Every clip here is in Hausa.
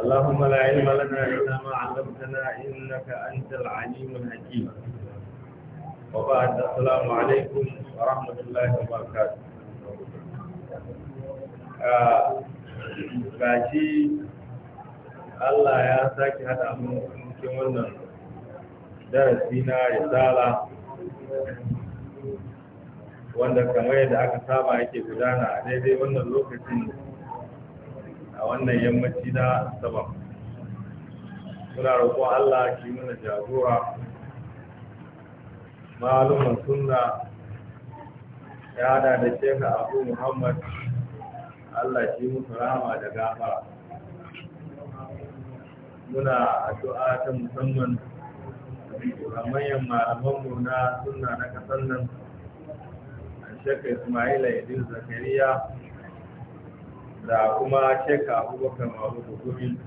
اللهم لا علم لنا إلا ما علمتنا إنك أنت العليم الحكيم وبعد السلام عليكم ورحمة الله وبركاته gashi Allah ya sake hada mu cikin wannan darasi na risala wanda kamar yadda aka saba yake gudana a daidai wannan lokacin a wannan yammaci na asabar muna roƙon Allah ki mana jagora malumin sunna ya hada da shekha abu muhammad Allah ki musu rahama da gafara muna addu'a ta musamman a manyan malamanmu na sunna na kasan nan Isma'il ismaila idin zakariya da kuma sheka abubakar masu hukumi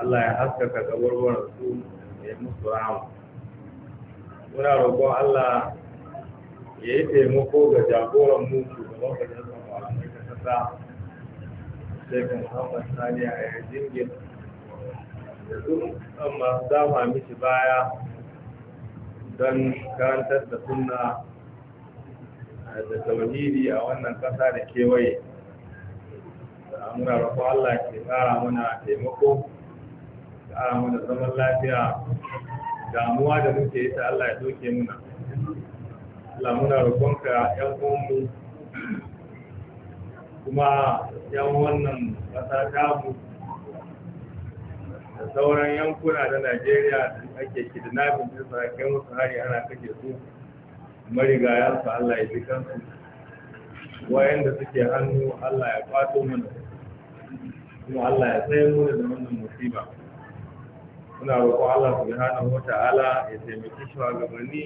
Allah ya haskaka gabarwarar su ya musu rahama muna roƙon Allah ya yi taimako ga jagoran mu shugaban majalisar malamai ta kasa kan Muhammad Sani a jirgin da duk masu dama mishi baya don karantar da sunna da tauhidi a wannan kasa da kewaye muna roƙo Allah ke ƙara mana taimako ƙara mana zaman lafiya damuwa da muke ta Allah ya doke muna Allah muna roƙonka ƴan uwanmu kuma ƴan wannan ƙasa mu da sauran yankuna na Najeriya da ake kidnapping din sarakin wasu hari ana kake su marigayansu Allah ya bi kansu wayanda suke hannu Allah ya fato mana kuma Allah ya tsaye muna da wannan musiba muna roƙon Allah subhanahu wata'ala ya taimaki shugabanni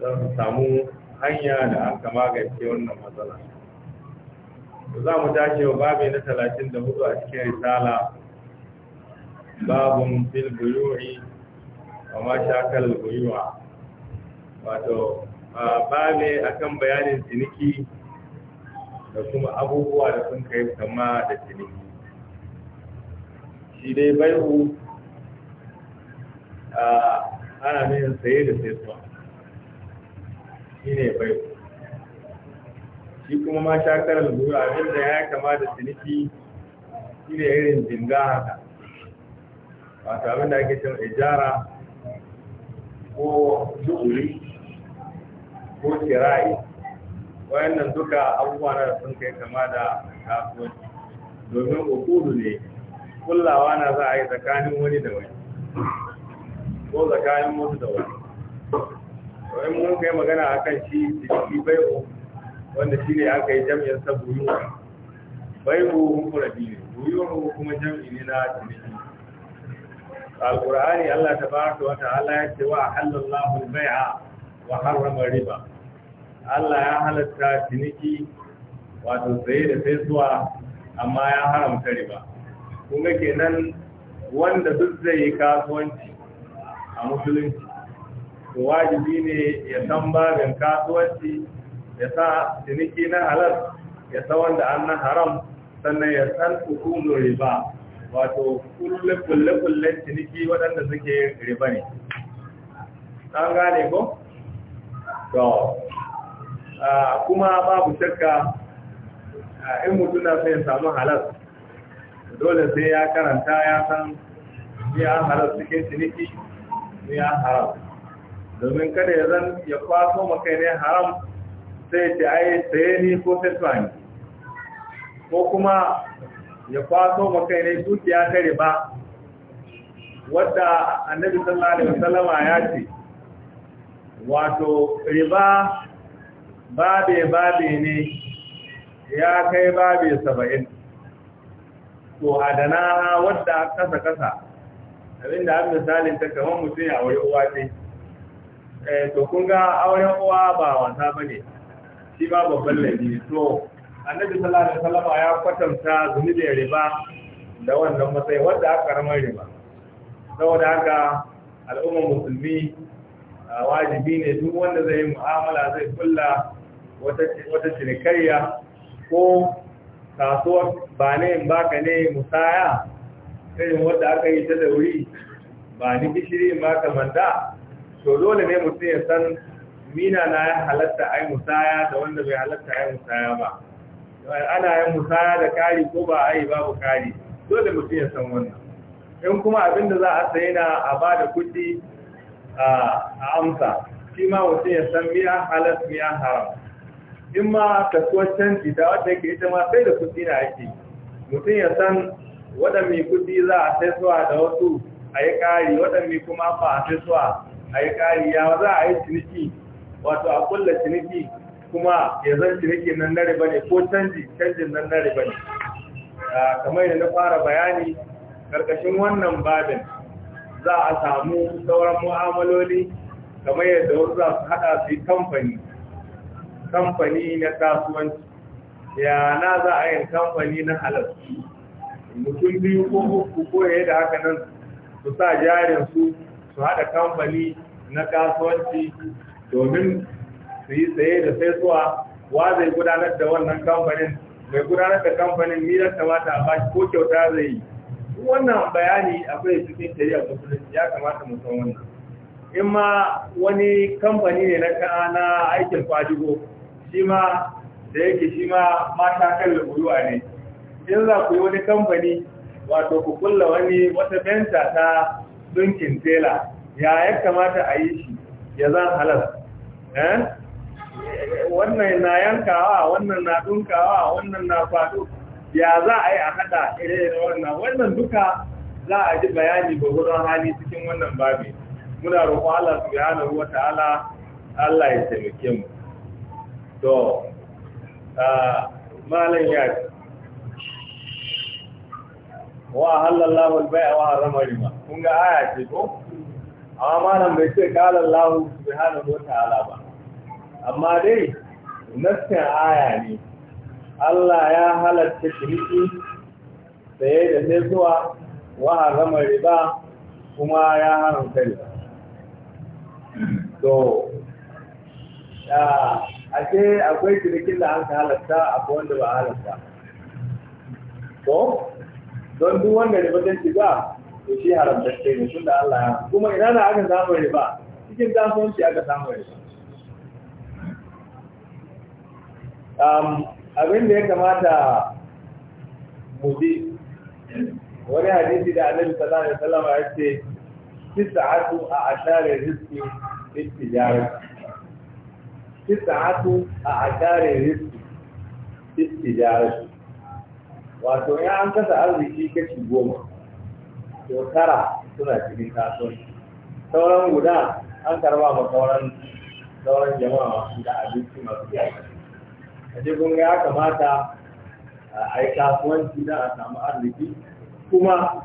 don su samu hanya da an kama gaske wannan matsala za mu dace wa babi na talatin da hudu a cikin risala babun fil buyu'i wa ma shakal buyu'a wato babe akan bayanin ciniki da kuma abubuwa da sun kai kama da ciniki shi dai bai'u ana nuna saye da sai suwa shi ne bai'u shi kuma ma shakarar zuwa abinda ya kama da ciniki shi ne irin jinga haka wato abinda ake cin ijara ko duk ko kirayi wayannan duka abubuwa na sun kai kama da kasuwanci domin ukudu ne kullawa na za a yi tsakanin wani da wani ko tsakanin wasu da wani wani mun kai magana a kan shi ciniki bai'u wanda shi ne aka yi jam'in sa buyuwa bai'u hukura biyu buyuwa kuma jam'i ne na al qurani allah ta baraka wata ala ya ce wa halallahu bai'a wa harama riba Allah ya halatta ciniki wato sai da sai zuwa amma ya haramta riba kuma kenan wanda duk zai yi kasuwanci a musulunci to wajibi ne ya san babin kasuwanci ya sa ciniki na halal ya sa wanda an na haram sannan ya san hukumar riba wato kulle-kulle-kullen ciniki waɗanda suke riba ne. Tsangane, gane ko? to kuma babu shakka in mutum na sai samu halar dole sai ya karanta ya san ya halar suke ciniki ya haram domin kada ya zan ya kwaso maka ne haram sai ce ai saye ni ko sai ko kuma ya kwaso maka ne dukiya ta riba wadda annabi sallallahu alaihi wasallama ya ce wato riba babe-babe ne ya kai babe saba'in to adana wadda kasa-kasa abinda an misalin ta kamar mutum ya wuri uwa ce eh, to kun ga auren uwa ba wasa ba ne shi ba babban laifi to annabi sallallahu alaihi wasallam ya kwatanta zunubin riba da wannan matsayi wadda aka ramar riba saboda haka al'ummar musulmi wajibi ne duk wanda zai mu'amala zai kulla wata cinikayya ko kasuwar ba ne ba ka ne musaya irin wadda aka yi ta dauri ba ni gishiri ba ka manda to dole ne mutum ya san mina na ya halatta ai musaya da wanda bai halatta ai musaya ba ana yin musaya da kari ko ba ai babu kari dole mutum ya san wannan in kuma abinda za a sayi na a ba da kuɗi a amsa shi ma mutum ya san miya halas miya haram in ma kasuwar canji da wadda yake ita ma sai da kudi na ake mutum ya san wadda mai kudi za a sai suwa da wasu a yi ƙari wadda mai kuma ba a sai suwa a yi ƙari ya za a yi ciniki wato a kulla ciniki kuma ya zan ciniki nan nare ba ne ko canji canjin nan nare ba ne kamar yadda na fara bayani karkashin wannan babin za a samu sauran mu'amaloli kamar yadda wasu za su haɗa su yi kamfani kamfani na kasuwanci ya na za a yi kamfani na halarci mutum biyu ko uku ko ya da haka nan su sa jarin su su haɗa kamfani na kasuwanci domin su yi tsaye da sai suwa wa zai gudanar da wannan kamfanin mai gudanar da kamfanin ni ya kamata a bashi ko kyauta zai yi wannan bayani akwai cikin shari'a musulunci ya kamata mu san wannan in ma wani kamfani ne na na aikin fadigo shi ma da yake shi ma mata kan lubuluwa ne in za ku yi wani kamfani wato ku kulla wani wata benta ta dunkin tela ya ya kamata a yi shi ya zan halar eh? wannan na yankawa wannan na dunkawa wannan na fadu ya za a yi a haɗa irin wannan wannan duka za a ji bayani wurin hali cikin wannan babi muna roƙo Allah subhanahu wa ta'ala Allah ya taimake mu to malam ya ce wa halallahu al-bai'a wa harrama riba kun ga aya ce ko amma malam bai ce qala Allah subhanahu wa ta'ala ba amma dai nasta aya ne Allah ya halatta ciniki saye da sai zuwa wa harama riba kuma ya haramta riba to ashe akwai cinikin da an halatta akwai wanda ba halatta to don duk wanda riba ta shiga to shi ce ne tun da Allah ya kuma ina na aka samu riba cikin kasuwanci aka samu riba abin da ya kamata mu bi wani hadisi da annabi sallallahu alaihi wasallam ya ce tis'atu a ashari rizqi ittijara tis'atu a ashari rizqi ittijara wato ya an kasa arziki kashi goma to tara suna cikin kasuwanci sauran guda an karba ma sauran sauran jama'a da abinci masu yawa kaje kun ga ya kamata a yi kasuwanci da a samu arziki kuma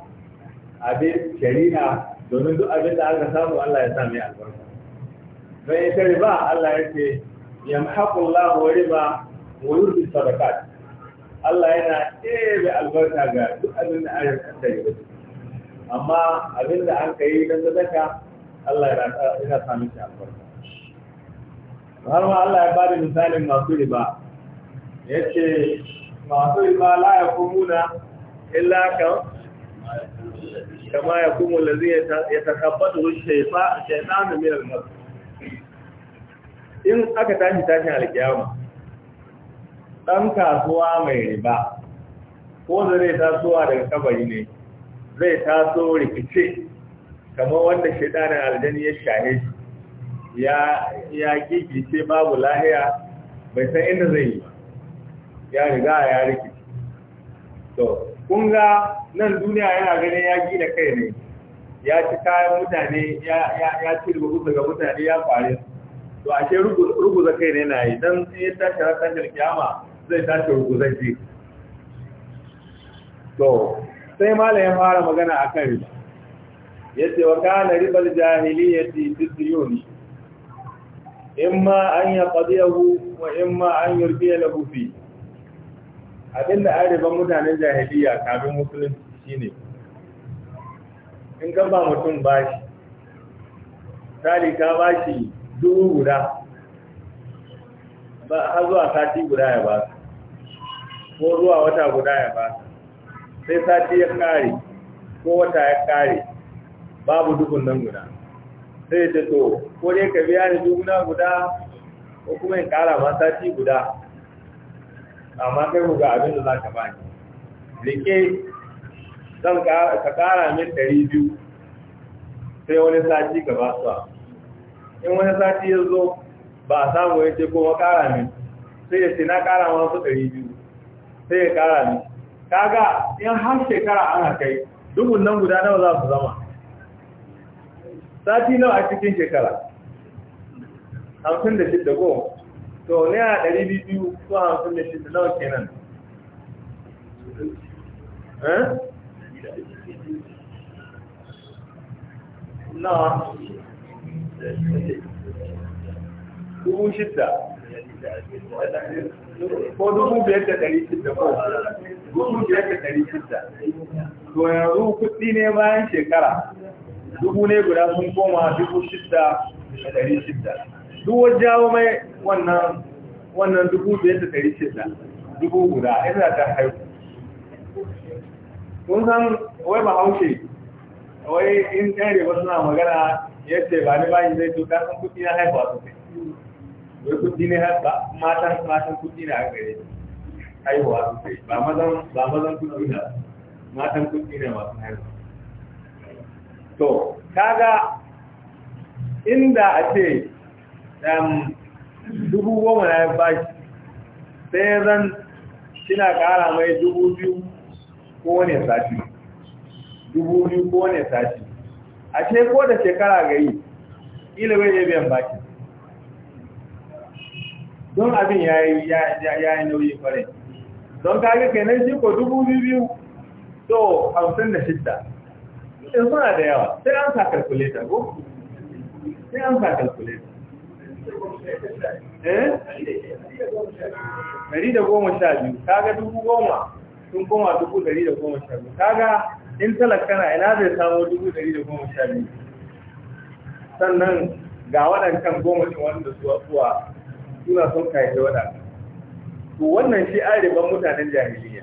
a bi shari'a domin duk abin da aka samu Allah ya sami albarka don tare riba Allah ya ce yamhaqullahu wa riba wa yurbi sadaqat Allah yana ɗebe albarka ga duk abin da aka kanta yi amma abin da an kai dan sadaka Allah yana sami shi albarka har ma Allah ya bada misalin masu riba ya ce masu ima la ya kumuna illa kan kama ya kumu lazi ya takabbata shaitanu min al-masu in aka tashi tashin alkiyama ɗan kasuwa mai riba ko da zai tasowa daga kabari ne zai taso rikice kamar wanda shaidanin aljani ya shahe ya ya ce babu lahiya bai san inda zai yi ba ya riga ya rikici to kun ga nan duniya yana ganin ya da kai ne ya ci kayan mutane ya ci rubutu ga mutane ya fare to ashe rubuta kai ne na yi don in ya tashi rakan kiyama zai tashi ruguza ji to sai mala ya fara magana a kan riba ya ce wa kana ribar jahiliyyati tisiyoni imma an ya qadiyahu wa imma an yurbiya lahu da an riba mutanen jahiliya kafin musulunci shine in ka ba mutum bashi misali ka bashi dubu guda ba har zuwa sati guda ya ba ko zuwa wata guda ya ba sai sati ya kare ko wata ya kare babu dubun nan guda sai ya to ko dai ka biya ni dubuna guda ko kuma in kara ma sati guda amma kai ku ga abin da za ka bani rike zan ka ƙara min ɗari biyu sai wani sati ka ba su in wani sati ya zo ba a samu ya ce kowa ƙara min sai ya ce na ƙara su ɗari biyu sai ya ƙara min kaga in har shekara ana kai dubun nan guda nawa za su zama sati nawa a cikin shekara 56 da ko to ne a ɗari biyu ko hamsin da shi da nawa kenan eh? dubu yanzu kuɗi ne bayan shekara dubu ne guda sun koma dubu shidda da ɗari shidda duk wajen jawo mai wannan dubu biyar da ɗari da dubu guda ina ta haihu Tun san wai ba haushe wai in ɗare wasu na magana yadda ba ni bayan zai tuka sun kuɗi na a sosai wai kuɗi ne ba. matan matan kuɗi na gare haihuwa sosai ba mazan ba mazan kuɗi na matan kuɗi ne masu haihuwa to kaga inda a ce dubu goma na ya bashi sai zan shina kara mai dubu biyu ko wane sati dubu biyu ko wane sati a ce ko da shekara ga yi ilimin ya biyan baki don abin ya yi nauyi kwarai don kage kenan shi ko dubu biyu to hamsin da shidda in suna da yawa sai an sa kalkuleta ko sai an sa kalkuleta Dari eh? da goma sha biyu, kaga dubu goma sun koma dubu dari da goma sha biyu, kaga in talakana ina zai samo dubu dari da goma sha biyu. Sannan ga waɗancan goma ne wanda suwa suwa suna sun kayi waɗancan. To wannan shi an riban mutanen jahiliya.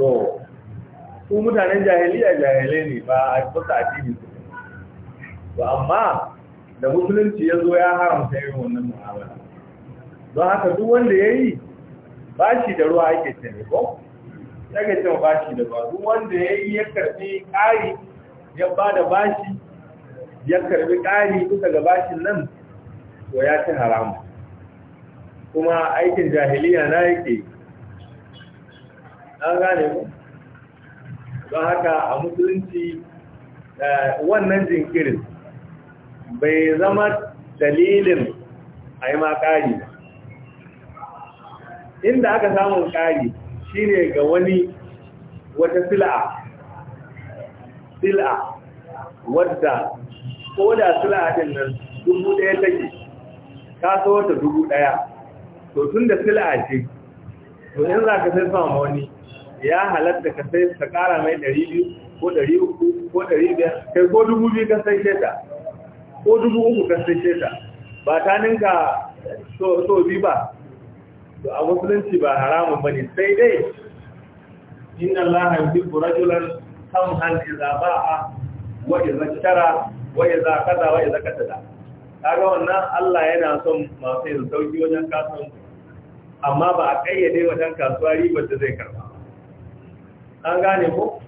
To, su mutanen jahiliya jahilai ne ba a yi kusa addini su. To, amma da musulunci ya zo ya haramta irin wannan mu'amala don haka duk wanda ya yi bashi da ruwa ake ce ko daga cewa bashi da ruwa duk wanda ya yi ya karbi ƙari ya ba da bashi ya karbi ƙari kusa ga bashin nan to ya ci haramu kuma aikin jahiliya na yake an gane ku. don haka a musulunci eh, wannan jinkirin bai zama dalilin a yi ma ƙari inda aka samun ƙari shi ne ga wani wata sila'a sila'a wadda ko da sila'a ɗin nan dubu ɗaya take ka so wata dubu ɗaya to tun da sila'a ce to in za ka sai sama wani ya halatta ka sai ta ƙara mai ɗari biyu ko ɗari uku ko ɗari biyar kai ko dubu biyu ka sai ta. ko dubu uku ka sace ta ba ta ninka so bi ba to a musulunci ba haramun bane sai dai inna allaha yuhibbu rajulan samhan idza ba'a wa idza ishtara wa idza qada wa idza kaga wannan Allah yana son masu yin sauki wajen kasuwanci amma ba a kayyade wajen kasuwa ribar da zai karba an gane ko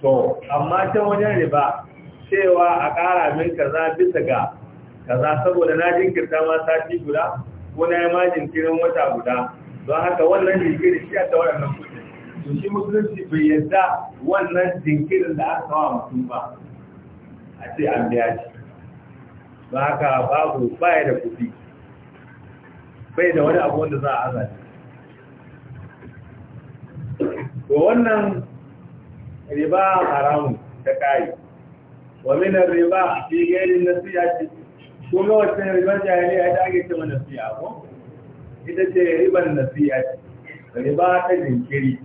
to amma can wajen riba cewa a ƙara min kaza bisa ga kaza saboda na jinkirta ma sati guda ko na yi ma jinkirin wata guda don haka wannan jinkiri shi a tawar na kudi to shi musulunci bai yadda wannan jinkirin da aka kawo mutum ba a ce an biya shi don haka babu baya da kudi bai da wani abu wanda za a aza to wannan riba haramun ta kayi wa min riba fi ghairi nasiyati kuma wacce riba jahiliya ta ake cewa nasiya ko ita ce riban nasiya riba ta jinkiri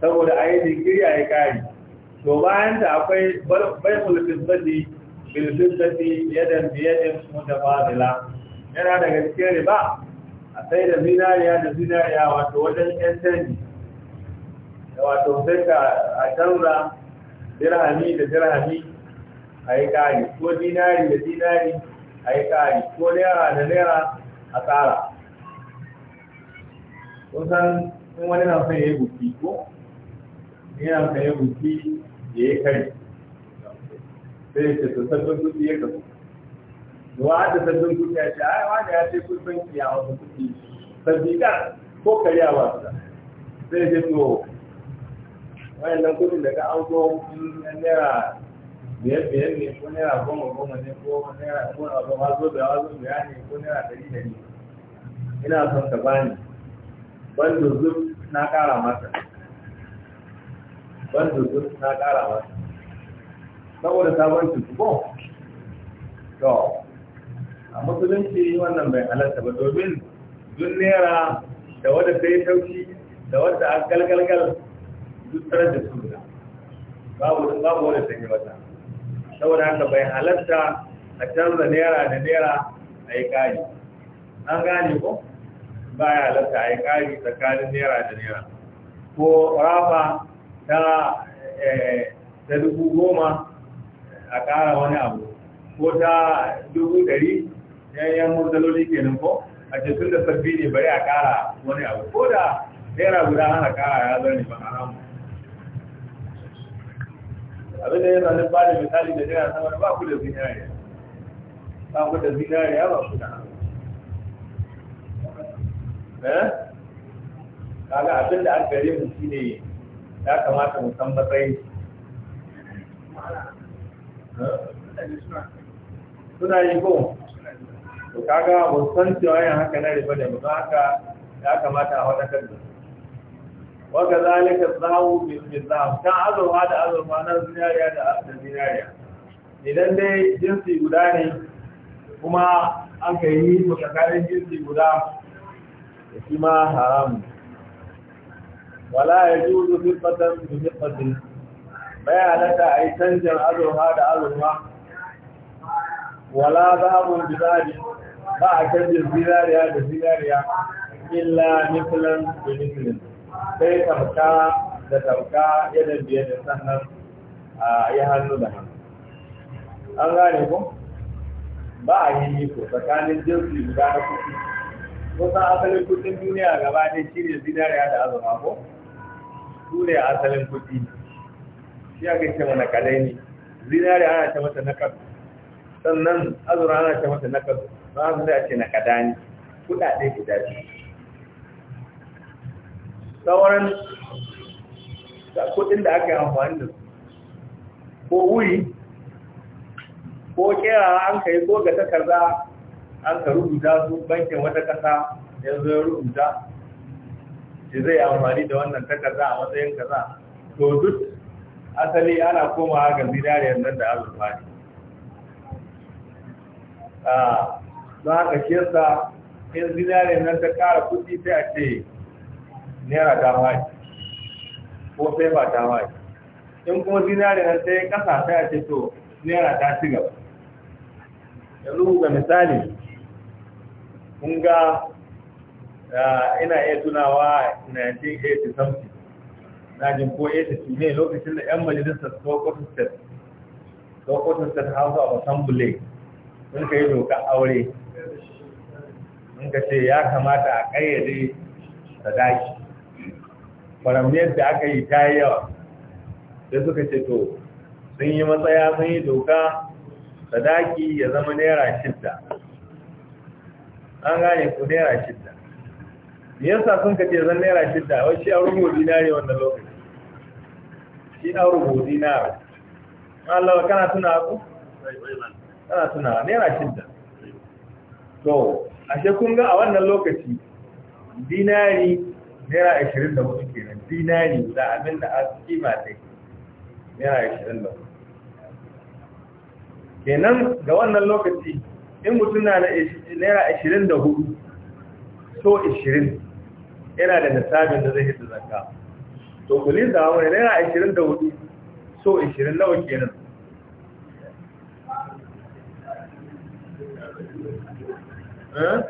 saboda ayi jinkiri ayi kari to bayanta ta akwai bai'ul fitati bil fitati yadan bi yadin mutabadila yana da cikin riba a sai da zinariya da zinariya wato wajen yan canji wato sai ka a canza dirhami da dirhami a yi ƙari ko dinari da dinari a yi ƙari ko naira da naira a ƙara kusan in wani na son ya yi buki ko na son ya yi buki ya yi kari sai ce to sabbin kuɗi ya kasu wa da sabbin kuɗi ya ce ai wani ya ce kusan kiya wasu kuɗi sabbi da ko kari a wasu sai ce to wayannan kuɗin daga an zo in naira biyar biyar ne ko naira goma goma ne ko naira goma goma zo da wazo biya ne ko naira dari dari ina son ka bani ban zuzuf na kara masa ban zuzuf na kara masa saboda sabon ko to a musulunci wannan bai halatta ba domin duk naira da wadda ta yi taushi da wadda a galgalgal duk tare da su babu wadda ta yi mata saboda haka bai halatta a canza naira da naira a yi kari an gane ko ba ya halatta a yi kari tsakanin naira da naira ko rafa eh, ta dubu goma a ƙara wani abu ko ta dubu ɗari yanyan murtaloli nan ko a cikin da sabbi ne bari a ƙara wani abu ko da naira guda hana kara ya zane ba haramu abin da yana misali da ba ku da ba ku da ba eh? kaga abin da an gare mu ne ya kamata mu san eh? suna yi ko to kaga mun san cewa yin haka na riba da mu haka ya kamata a wadatar da waka zalika zahu bil zahab kan azurfa da azurfa na zinariya da zinariya idan dai jinsi guda ne kuma aka yi su tsakanin jinsi guda da shi ma haramu wala ya ji wuzu fifatan da fifatin bai halatta a yi canjin azurfa da azurfa wala zahabun bizari ba a canjin zinariya da zinariya illa mifilan da mifilan sai tamka da tamka yadda biye da sannan a yi hannu da hannu an gane ku ba a yi niko tsakanin jinsi guda na kuɗi kusan asalin kuɗin duniya gaba ne shi ne zinariya da azuma ko su ne asalin kuɗi shi ake ce mana kadai ne zinariya ana ce mata nakar sannan azura ana ce mata nakar ba su da ce na kadani kuɗaɗe guda biyu sauran kudin da aka yi amfani da su ko wuri ko kera an ka yi ko ga takarda an ka rubuta su bankin wata kasa yanzu ya rubuta shi zai amfani da wannan takarda a matsayin kaza to duk asali ana komawa ga zinariyar nan da azurfani Za ah, a shi yasa in zinariyar nan ta kara kudi sai a ce naira ta waye ko sai ta waye in kuma zinari na sai kasa ta ce to naira ta ci ya lugu ga misali kun ga eh, ina iya tunawa 1980 something na jin ko 82 ne lokacin da 'yan majalisar sokoto state house of assembly sun ka yi doka aure sun ka ce ya kamata a ƙayyade sadaki faramiyar da aka yi ta yi yawa da suka ce to sun yi matsaya sun yi doka sadaki ya zama naira shidda an gane ku naira shidda yasa sun ka ce zan naira shidda wai shi an rubo dinari wannan lokaci shi an rubo dinari Allah kana tuna ku kana tuna naira shidda to ashe kun ga a wannan lokaci dinari naira ashirin da ke kenan dinari guda abin da a kima ta yi yana ashirin da kenan ga wannan lokaci in mutum na naira ashirin da hudu so ashirin yana da nisabin da zai hita zaka to kulin da wani naira ashirin da hudu so ashirin nawa kenan eh?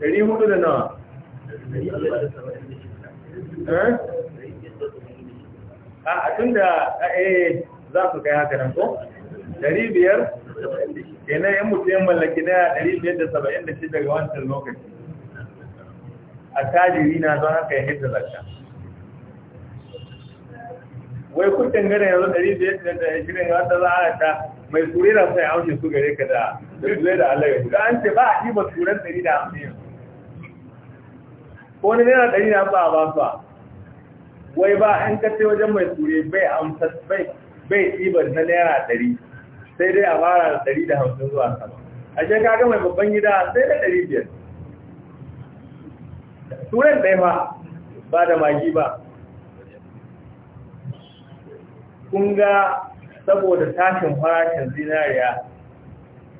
ɗari hudu da nawa Eh? a ah, tun da eh, za su kai haka nan ko? 500 kenan yan mutu yan mallaki na 576 daga wancan lokaci a tajiri na zan haka ya hita zarta wai kudin gane yanzu ga wata za a ta mai sai su gare ka da da da alayyar da an ce ba a yi ba 150 wani naira ɗari na ba ba su wai ba an kace wajen mai ture bai amsa bai bai tsibar na naira ɗari sai dai a fara da ɗari da hamsin zuwa sama a shi kaga mai babban gida sai da ɗari biyar turen ɗaya ba ba da magi ba kun ga saboda tashin farashin zinariya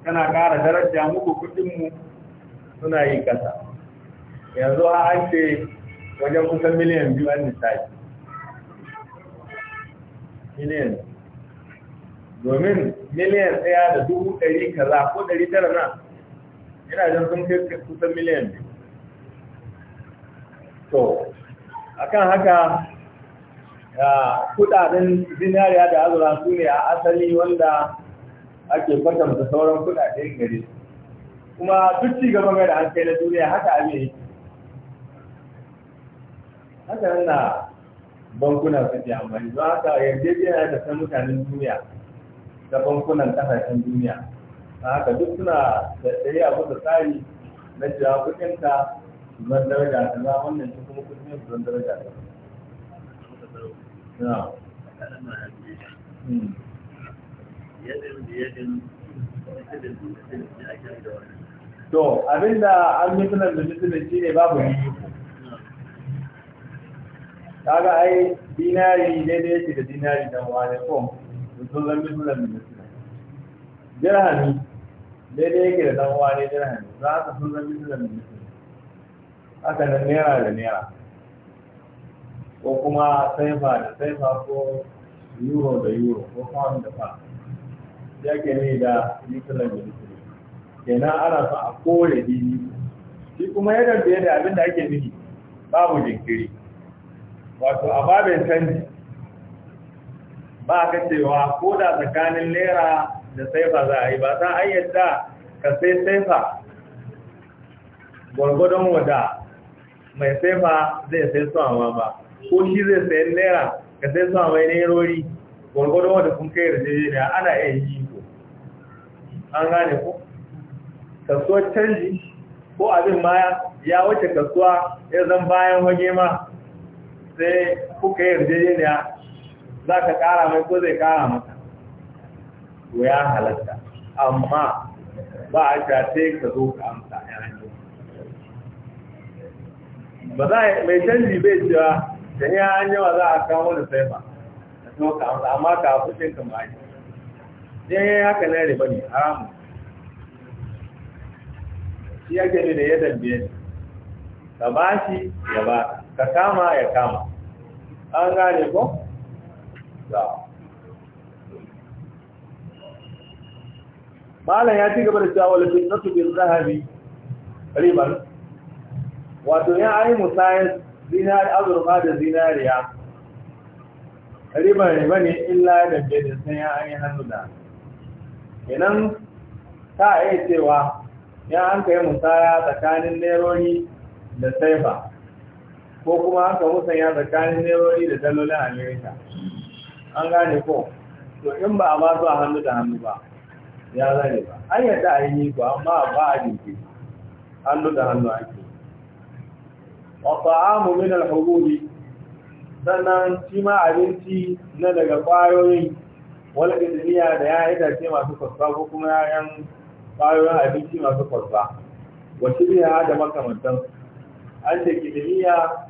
tana ƙara daraja muku kuɗinmu suna yi ƙasa yanzu a an ce wajen kusan miliyan biyu an nisaji miliyan domin miliyan tsaya da dubu ɗari kaza ko ɗari tara na yana jan sun kai kusan miliyan biyu to akan haka kudaden zinariya da azura su ne a asali wanda ake kwatanta sauran kudaden gari kuma duk ci gaba mai da an kai na duniya haka abin haka yana bankuna suke amma yanzu haka yarjejeniya da san mutanen duniya da bankunan kasashen duniya na haka duk suna da tsaye abu da tsari na cewa ta zuwan daraja ta za wannan shi kuma kudin zuwan daraja ta hmm. To abinda an mutunan da mutunan shi ne babu yi kaga ai dinari daidai yake da dinari dan wani da sun zan bisu da minisina dirhami daidai yake da dan wani dirhami za ka sun zan bisu da minisina haka nan naira da naira ko kuma saifa da saifa ko euro da euro ko pound da pound ya ke ne da da minisina kenan ana sa a kore dini shi kuma ya da yadda abinda ake nufi babu jinkiri wato a babin canji ba ka cewa ko da tsakanin naira da saifa za a yi ba ta a yadda ka sai saifa gwargwadon wada mai saifa zai sai suwa ba ko shi zai sayi naira ka sai suwa mai nairori gwargwadon wada kun kai da ana iya yi ko an gane ko kasuwar canji ko abin ma ya wuce kasuwa ya zan bayan hage ma sai kuka yi yarjejeniya za ka kara mai ko zai kara maka to ya halatta amma ba a sha sai ka zo ka amsa ya ba za a mai canji bai cewa da ya hanyawa za a kawo da sai ba ka zo ka amsa amma ka fushin ka ma'aji ɗin ya haka na riba ne haramu shi yake ne da ya dambe ka ba shi ya ba ka kama ya kama an gane ko? malam ya ci gaba da cewa wala fitnatu bil zahabi riban wato ya ayi musayar zinari azurfa da zinariya riban ne ne illa da bai da sai ya ayi hannu da kenan ta iya cewa ya an kai musaya tsakanin neroni da saifa ko kuma haka musanya tsakanin nerori da dalolin amerika an gane ko to in ba a ba su a hannu da hannu ba ya zane ba an yadda a yi ko amma ba a jinki hannu da hannu ake wa ta'amu min al-hubuli sannan shi ma abinci na daga kwayoyin wani ƙidiriya da ya ita ce masu kwasfa ko kuma yayan kwayoyin abinci masu kwasfa wasu biya da makamantan an ce ƙidiriya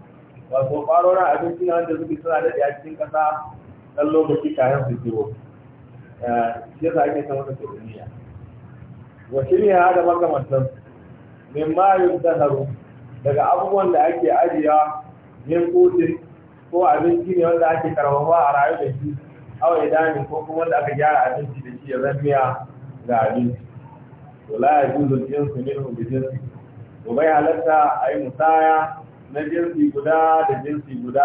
wato ƙwarorin abinci na wanda suke suna daɗe a cikin ƙasa ɗan lokaci kayan su ciwo eh, shi yasa ake san wata turuniya wa shirya da makamantar min mayun zaharu daga abubuwan da ake ajiya min kotun ko abinci ne wanda ake karfafa a rayu da shi awa idanin ko kuma wanda aka gyara abinci da shi ya zammiya ga abinci to la ya juzu su ne bi jinsi to bai halatta a yi musaya na jinsi guda da jinsi guda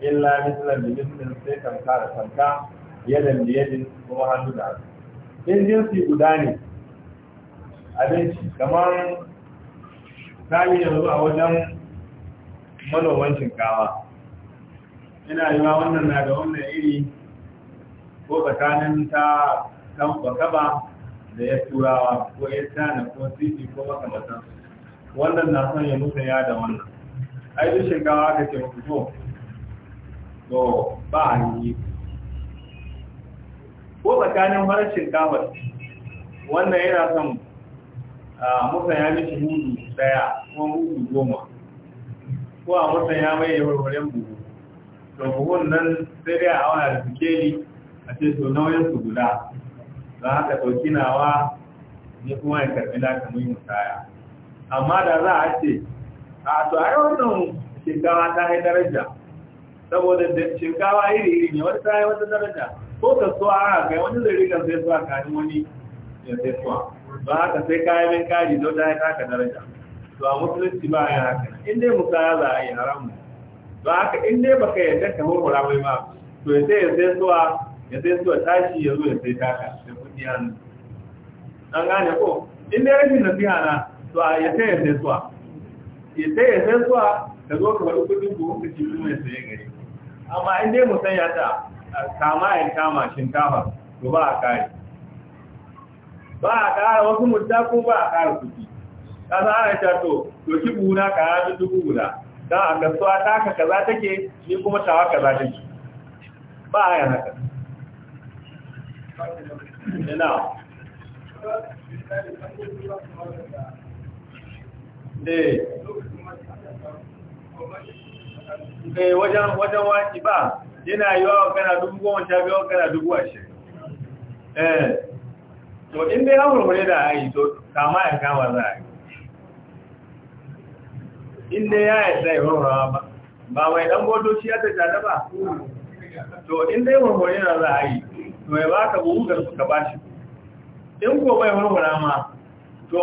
in mislan da jinsin sai kanka da kanka yadda da yadin kuma hannu da hannu in jinsi guda ne abinci kamar misali yanzu a wajen manoman shinkawa ina yi ma wannan na da wannan iri ko tsakanin ta kan kwakaba da ya turawa ko ya tana ko titi ko makamantansu wannan na son ya nuna ya da wannan ai duk shinkawa ka ce mutu to to ba yi. ko tsakanin farar shinkawa wannan yana son musa ya mishi hudu daya kuma hudu goma ko a musa ya mai yawarwarin buhu to buhun nan sai dai a wani da suke a ce to nauyin su guda za haka ɗauki nawa ne kuma ya karɓi da kamar musaya amma da za a ce a to ai wannan shinkawa ta yi daraja saboda da shinkawa iri iri ne wata ta yi wata daraja ko ka so ana kai wani zai riga sai suwa kani wani ya sai suwa don haka sai kayan min kaji don ta yi taka daraja to a musulunci ba ya haka in dai ya za a yi haramu don haka in dai baka yadda ka murmura mai ba to ya sai ya sai suwa ya sai suwa tashi ya zo ya sai taka da kudi hannu an gane ko in dai rashin nasiha na to a ya sai ya sai suwa ya sai ya san zuwa da zo ka faɗi kudin buhun ka ci kuma saye gari amma in dai mutum ya ta kama ya kama shinkafa to ba a kare ba a kara wasu mutta ko ba a kara kuɗi Ta sa ana ta to to ki buhuna ka ya dubu guda dan a kasuwa taka kaza take ni kuma tawa kaza take ba a yana haka ina Eh, eh wajen wajen waki ba yana yiwa kana dubu goma sha biyu kana dubu ashirin eh to in dai amurmure da ayi to kama ya kama za a yi in dai ya yi tsaye murmura ba ba mai dan godo shi ya tattata ba to in dai murmure da za a yi to ya baka buhu ga suka shi. in ko bai murmura ma to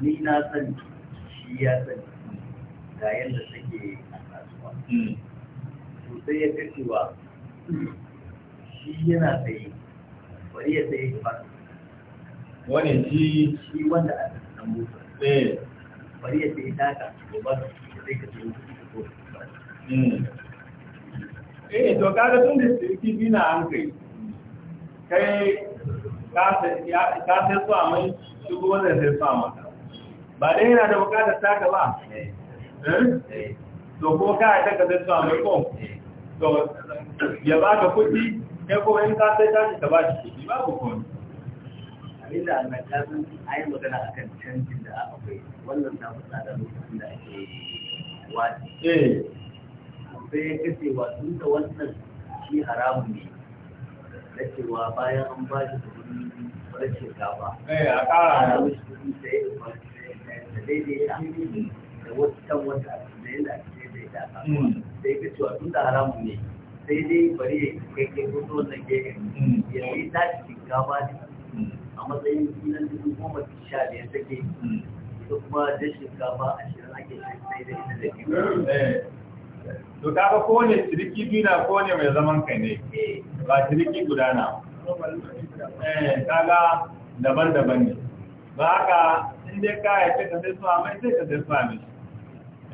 ni na sani shi ya sani ga yadda take a kasuwa hmm. to sai ya fi cewa shi yana sai bari ya sai ya gaba wani shi shi wanda aka san mutu eh bari ya ya taka su. da zai ka ko hmm. eh to kaga tun da sirki bina an kai kai ka sai ya ka sai su shigo da sai su amaka ba ɗaya yana da bukatar taka ba eh. to ko ka ta ka zai samu ko to ya ba ka kuɗi Ya kuma in ka sai tashi ta ba shi kuɗi ba ku kuma abinda a mai kasan a yi magana a kan canjin da akwai wannan na fusa da lokacin da ake wani eh. sai ya kace wa tun da wannan shi haramun ne na cewa bayan an ba shi kuɗi wani shekara ba eh, a ƙara da wuce kuɗi sai ya daidai da wata wata da hmm. sai ka da ne sai dai bari ya kai kai hoto wannan hmm. ya tashi shinkafa ne hmm. a matsayin kilan dubu goma sha biyar take ita kuma da shinkafa ashirin ake sai da ita da eh. to ciriki mai zaman kai ne eh. ba ciriki eh, kaga daban-daban ne ba ka in dai ka yi ka sai su mai sai ka sai suwa shi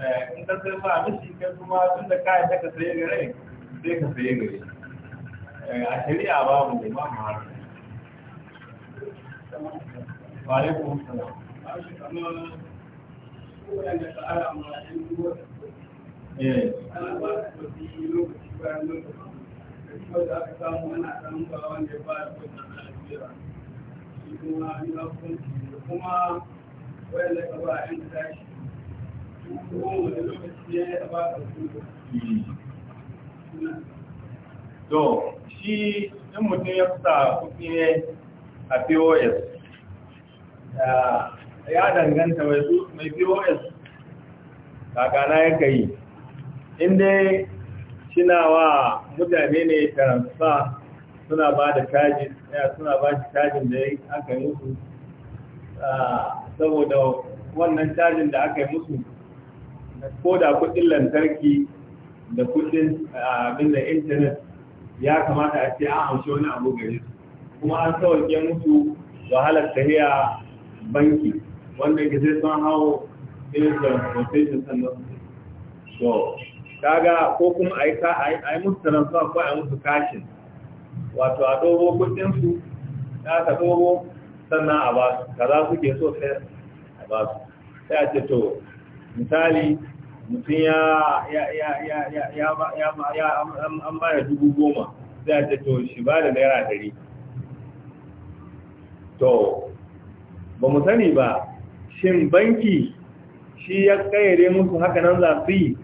eh, in ka sai su shi ka kuma tun da ka yadda ka sai gare sai ka sai gare eh, a shari'a ba mu haka wa alaikum salam eh ana ba su lokaci ba lokaci da aka samu ana samun ba wanda ya kuma ina kunci kuma wayar da ka ba a yan tashi kuma wani lokaci ya yi a ba ka to shi in mutum ya fita kuɗi ne a pos ya danganta mai pos kakana ya kai inda na wa mutane ne transfer suna ba da tajin eh, suna ba shi tajin da aka yi musu ah, saboda wannan tajin da aka yi musu ko da kudin lantarki da kudin ah, abin da intanet ya kamata a ce an amshi wani abu gari kuma an sauke musu wahalar tahiya banki wanda ke sai sun hau minister transportation sannan so kaga ko kuma a yi musu transfer ko a yi musu kashin wato a dogo kudinsu ya ka dogo sannan a ba su kaza suke so sai a ba su sai a ce to misali mutum ya an ba da dubu goma sai a ce to shi ba da naira dari to ba mu sani ba shin banki shi ya kayyade musu haka nan za su yi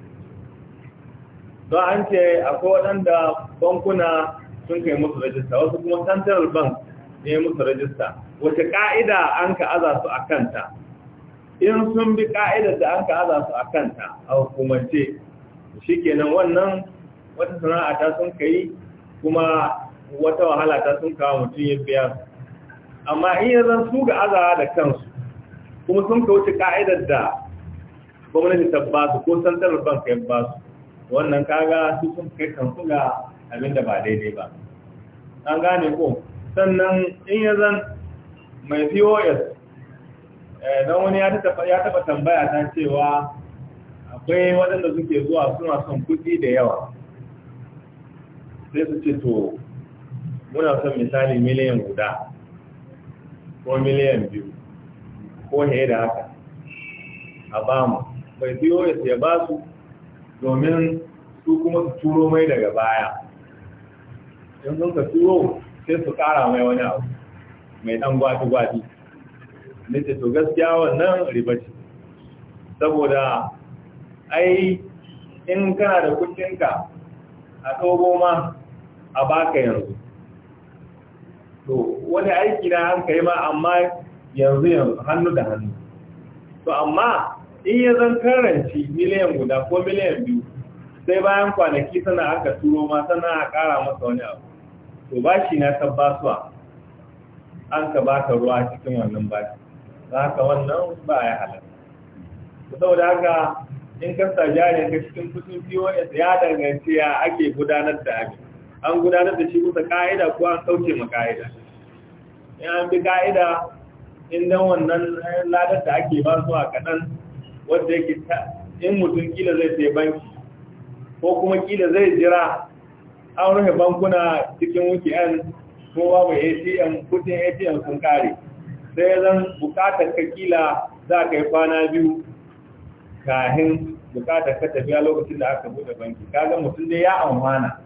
don an ce akwai waɗanda bankuna sun kai musu rajista wasu kuma central bank ne musu rajista wace ka'ida an ka aza su a kanta in sun bi ka'idar da an ka aza su a kanta a hukumance shi kenan wannan wata sana'a ta sun kai kuma wata wahala ta sun kawo mutum ya biya su amma in yanzu su ga azawa da kansu kuma sun ka wuce ka'idar da gwamnati ta ba su ko central bank ya ba su wannan kaga su sun kai kansu ga abin da ba daidai ba an gane ko sannan in ya zan mai pos eh, don wani ya taba tambaya ta cewa akwai waɗanda suke zuwa suna son kuɗi da yawa sai su ce to muna son misali miliyan guda ko miliyan biyu ko he da haka a bamu mai pos ya ba su domin su kuma su turo mai daga baya in sun ka turo sai su kara mai wani abu mai dan gwati-gwati nace to gaskiya wannan riba ce saboda ai in kana da kudinka a dogo ma a baka yanzu to wani aiki na an kai ma amma yanzu yanzu hannu da hannu to amma in ya zan karanci miliyan guda ko miliyan biyu sai bayan kwanaki sana aka turo ma sana a kara masa wani abu to bashi na san basuwa an ka baka ruwa cikin wannan bashi za ka wannan ba ya halatta da haka in kasta jari ga ka cikin kudin pos ya danganci ya ake gudanar da abin an gudanar da shi kusa ka'ida ko an sauke ma ka'ida in an bi ka'ida in wannan ladar da ake ba su a kaɗan wadda yake ta in mutum kila zai sai banki ko kuma kila zai jira an rufe bankuna cikin wukiyan kowa mai atm kudin atm sun kare sai zan bukatar ka kila za ka yi kwana biyu kahin bukatar ka tafiya lokacin da aka bude banki kaga mutum dai ya amfana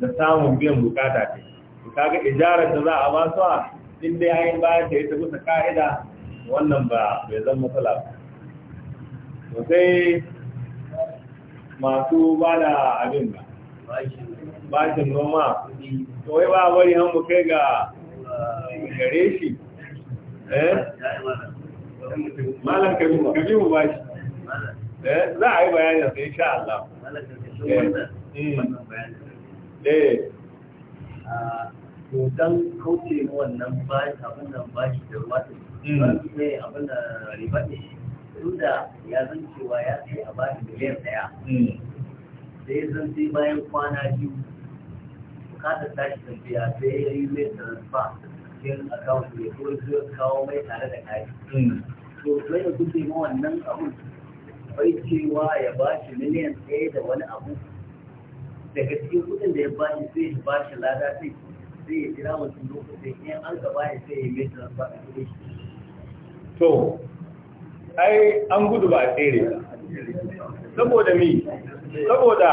da samun biyan bukata ce kaga ijarar da za a ba su a din dai bayan ta ita kusa ka'ida wannan ba bai zan matsala ba masu ba da abin ba bashin noma to wai ba wani an mu kai ga eh, gare shi eh? malam kabi mu kabi mu bashi eh, za a yi bayanin sai sha Allah eh mm. to dan kauce wannan bashi abin nan bashi da ruwa ne mm. abin da riba ne da ya zan cewa ya ce a bashi miliyan daya mm. sai zan sai bayan kwana biyu bukatar tashi tafiya sai ya yi mai transfer cikin account ne ko zai kawo mai tare da kashi hmm. to sai ya guje ma wannan abun bai cewa ya ba shi miliyan ɗaya da wani abu daga cikin kuɗin da ya ba shi sai ya ba shi lada sai sai ya jira mutum lokacin in an gaba ya sai ya yi mai transfer da shi. to ai an gudu ba a tsere ba saboda mi saboda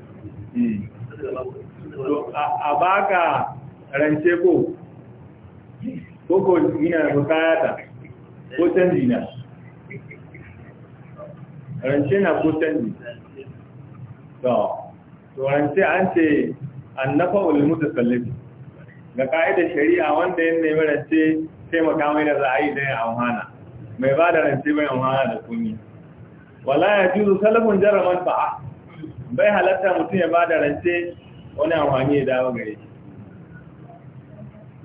a baka rance ko ko yana da ta ko canji na rance na ko canji to rance an ce annafa Da tsallifi ga ka'idar shari'a wanda yin nemi rance taimaka makamai da za a wahana. mai ba da rance mai wahana da kuni wala ya juzu salamun jaraman ba'a bai halatta mutum ya ba da rance wani amfani ya dawo gare shi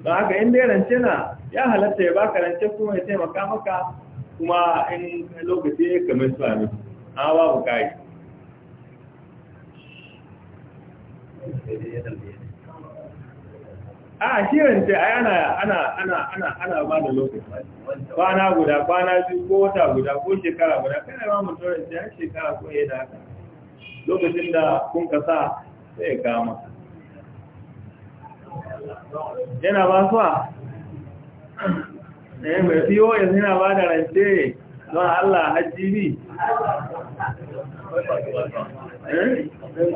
don haka inda ya rance na ya halatta ya baka rance kuma ya taimaka maka kuma in lokaci ya kamar su ami a babu kayi a shi rance ai ana ana ana ana ana ba da lokaci kwana guda kwana biyu ko wata guda ko shekara guda kana ba mutum rance ya shekara ko ya da haka lokacin da kun kasa sai kama yana ba su a ɗaya eh, mai pos yana ba da rance don allah hajji ne eh,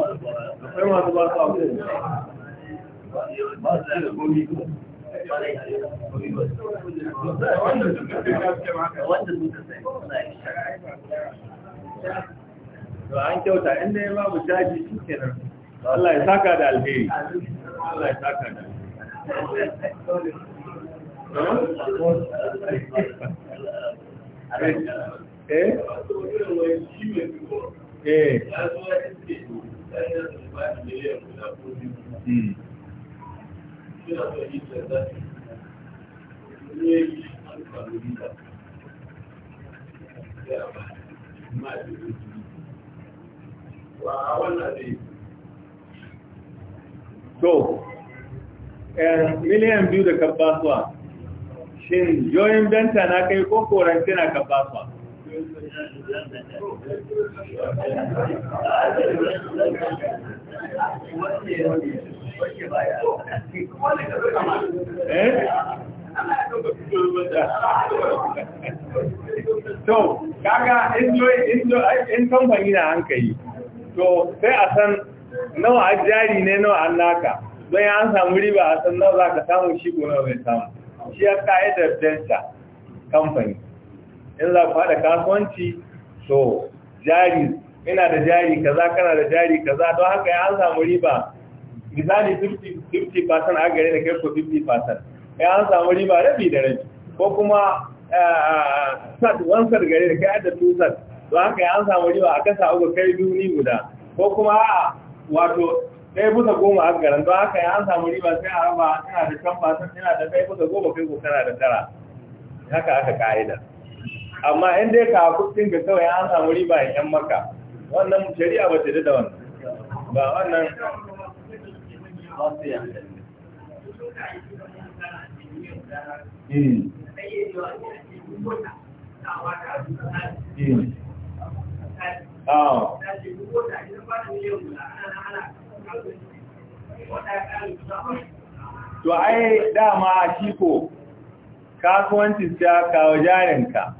akwai masu to an kyauta inda ya babu caji shi kenan Allah ya saka da alheri Allah ya saka da Eh? Eh. Hmm. to eh, miliyan biyu da kabbasuwa shin yoyin benta na kai ko koranci na kabbasuwa eh? to kaga in kamfani na hankali to sai a san nawa a jari ne nawa an naka don ya an samu riba a san nawa za ka samu shi ko nawa bai samu shi ya ka'idar delta kamfani in za ku haɗa kasuwanci to jari ina da jari kaza kana da jari kaza don haka ya an samu riba misali 50% a gare da kai ko 50% ya an samu riba rabi da rabi ko kuma eh, eh, eh, sat wansar gare da kai da two sat to haka ya samu riba a kasa uku kai duni guda ko kuma a wato ɗaya busa goma a garin don haka ya samu riba sai a raba tana da can basan tana da ɗaya busa goma kai ko da tara haka aka ka'ida amma in dai ka kuɗin ga kawai ya samu riba a yan maka wannan shari'a ba ta da wannan ba wannan Mm. Mm. to ai dama shiko kasuwanci ta kawo jarinka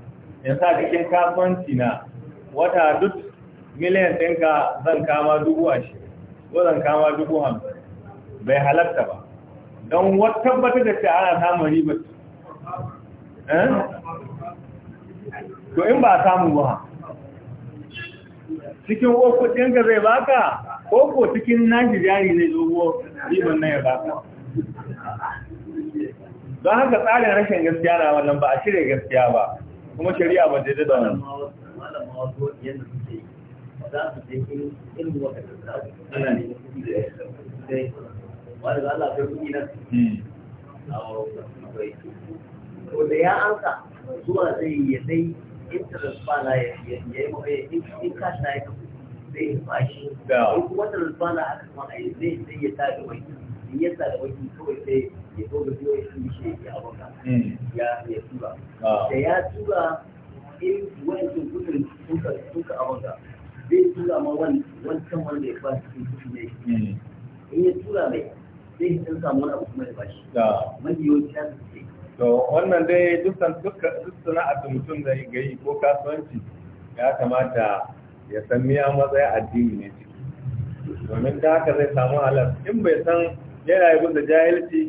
yanzu a cikin kasuwanci na wata duk miliyan ɗinka zan kama dubu ashe ko zan kama dubu hamsin bai halatta ba don wata tabbatar da ta ana samun ribar eh? to in ba samu ba cikin ofishin ka zai baka ko ko cikin nashi jari zai zuwa riban na ya baka don haka tsarin rashin gaskiya na wannan ba a shirya gaskiya ba kuma shari'a ba daidai da wannan hmm. wanda ya ansa zuwa zai yi ya sai interest ba na ya yi in ka na ya zai yi fashi in da rufa na haka kuma a yi zai sai ya sa da wani in ya sa da wani kawai sai ya zo ga biyo shi shi ya aboka hmm. ya ya tura ah. da ya tura in wani sun kudin suka suka aboka zai tura ma wancan wanda ya ba su, kudi ne in ya tura mai zai san samu wani abu kuma ya bashi mafi yawanci ya ta ce to wannan dai dukkan duk sana'ar da mutum zai ga yi ko kasuwanci ya kamata ya san miya matsaya addini ne ciki domin ta haka zai samu halar in bai san yana yi da jahilci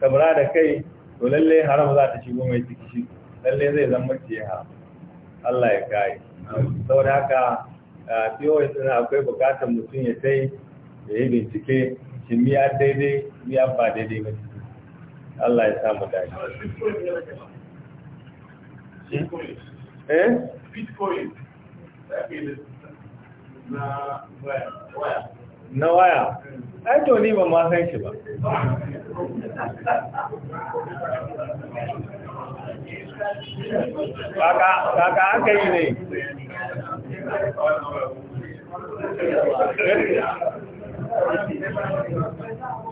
kamra da kai to lalle haram za ta shigo mai ciki shi lalle zai zama mace ya Allah ya kai saboda haka POS suna akwai bukatar mutum ya sai da yi bincike shi miya daidai miya ba daidai ba Allah ya samu dace eh bitcoin na waya ai to ni ba ma san shi ba aka yi ne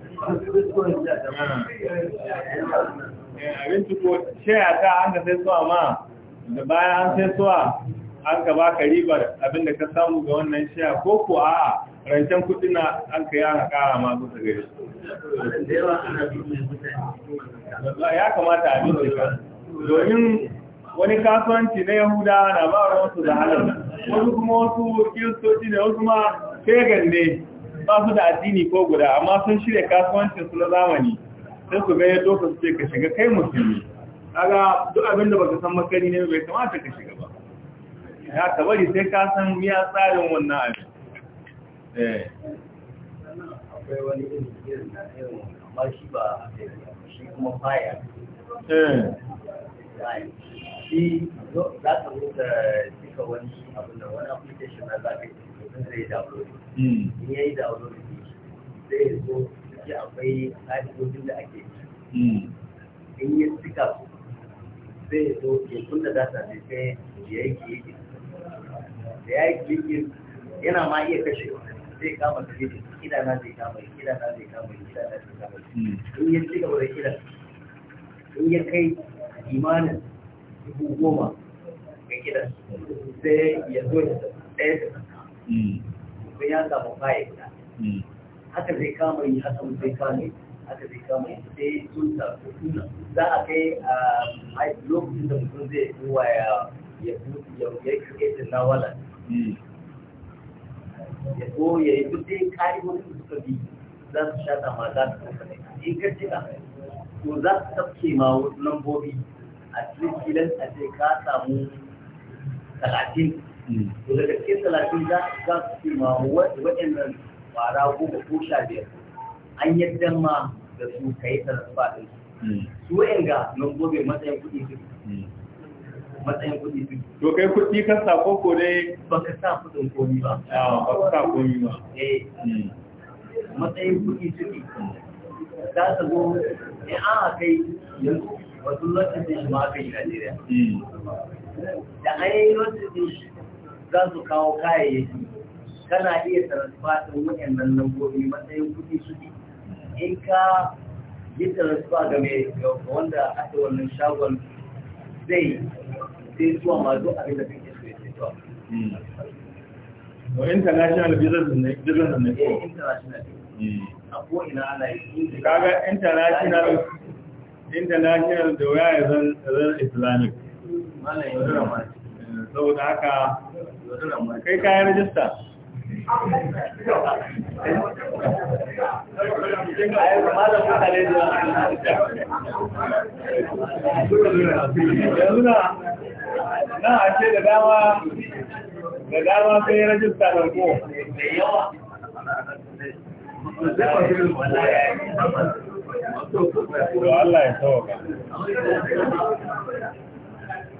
Eh, abinci ko shaya ta an ka sai suwa da bayan an sai suwa an ka ba ka ribar abinda ka samu ga wannan shaya ko ko a rancen kudi na an ka yana kara ma gari ya kamata a abinci domin wani kasuwanci na Yahuda na ba wasu da halar wasu kuma wasu kiristoci ne wasu ma pagan ne ba su da addini ko guda amma sun shirya kasuwancin su na zamani sai su ga ya doka su ce ka shiga kai musulmi kaga duk abin da baka san makari ne bai kamata ka shiga ba ya ka bari sai ka san miya tsarin wannan abin eh akwai wani irin da irin amma shi ba shi kuma faya eh shi za ka rubuta duka wani abin da wani application na zafi zai yi da download in ya yi da download zai zo ya akwai ƙa'idodin da ake in ya cika zai zo ya kunna data ne sai ya yi kiyaki da ya yi kiyaki yana ma iya kashe zai kama da kiyaki kida na zai kama kida na zai kama kida na zai kama in ya cika wani kida in ya kai imanin dubu goma ga kidan sai ya zo ya ɗaya kuma ya samu baya guda hmm. haka zai kama yi haka zai kama haka zai kama yi sai sun samu za a kai a lokacin da mutum zai ruwa ya ya yi kirkitin na wala hmm. ya ko ya yi duk dai kari wani da suka bi za su shata ma za su kuma ne in ka ce to za su tafke ma wasu lambobi a cikin filan a ce ka samu talatin daga cikin talatin za za su ce waɗannan ƙwara goma ko sha biyar an yadda ma da su ka yi sarrafa ɗin su hmm. su waɗanda nan gobe matsayin kuɗi su hmm. matsayin kuɗi su to kai kuɗi ka sa ko ko dai ba ka sa kuɗin komi ba ba ka sa komi ba eh hmm. matsayin kuɗi su za su go ne eh, an kai yanzu wasu lokacin shi ma aka yi Najeriya da an yi lokacin shi za su kawo kayayyaki kana iya transfer ɗin waɗannan lambobi matsayin kuɗi suke in ka yi transfer ga wanda aka wannan shagon zai sai zuwa ma abin da kake so ya sai zuwa. Hmm. international business ne business ko eh, international hmm. a ko ina ana yi kaga international international da waya zan zan islamic mallan yau da eh, saboda haka kai kayan rajista na a ce da dama da dama sai rajista da ko da yawa Allah ya